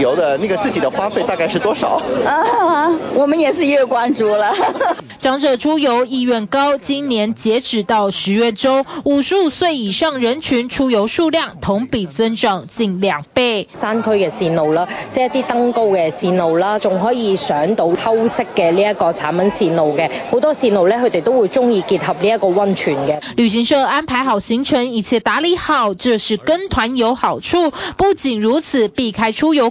遊的那個自己的花費大概是多少？啊，我們也是月光族了。 長者出遊意願高，今年截止到十月中，五十五歲以上人群出遊數量同比增長近兩倍。山區嘅線路啦，即係一啲登高嘅線路啦，仲可以上到秋色嘅呢一個產品線路嘅，好多線路咧，佢哋都會中意結合呢一個溫泉嘅。旅行社安排好行程，一切打理好，就是跟團有好處。不僅如此，避開出遊。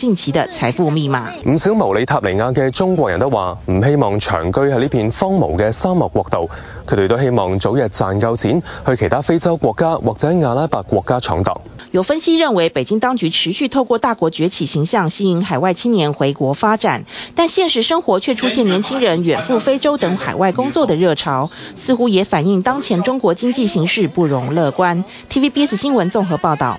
近期的財富密碼。唔少毛里塔尼亞嘅中國人都話唔希望長居喺呢片荒蕪嘅沙漠國度，佢哋都希望早日賺夠錢去其他非洲國家或者阿拉伯國家闖蕩。有分析認為，北京當局持續透過大國崛起形象吸引海外青年回國發展，但現實生活卻出現年輕人遠赴非洲等海外工作的熱潮，似乎也反映當前中國經濟形勢不容樂觀。TVBS 新聞綜合報導。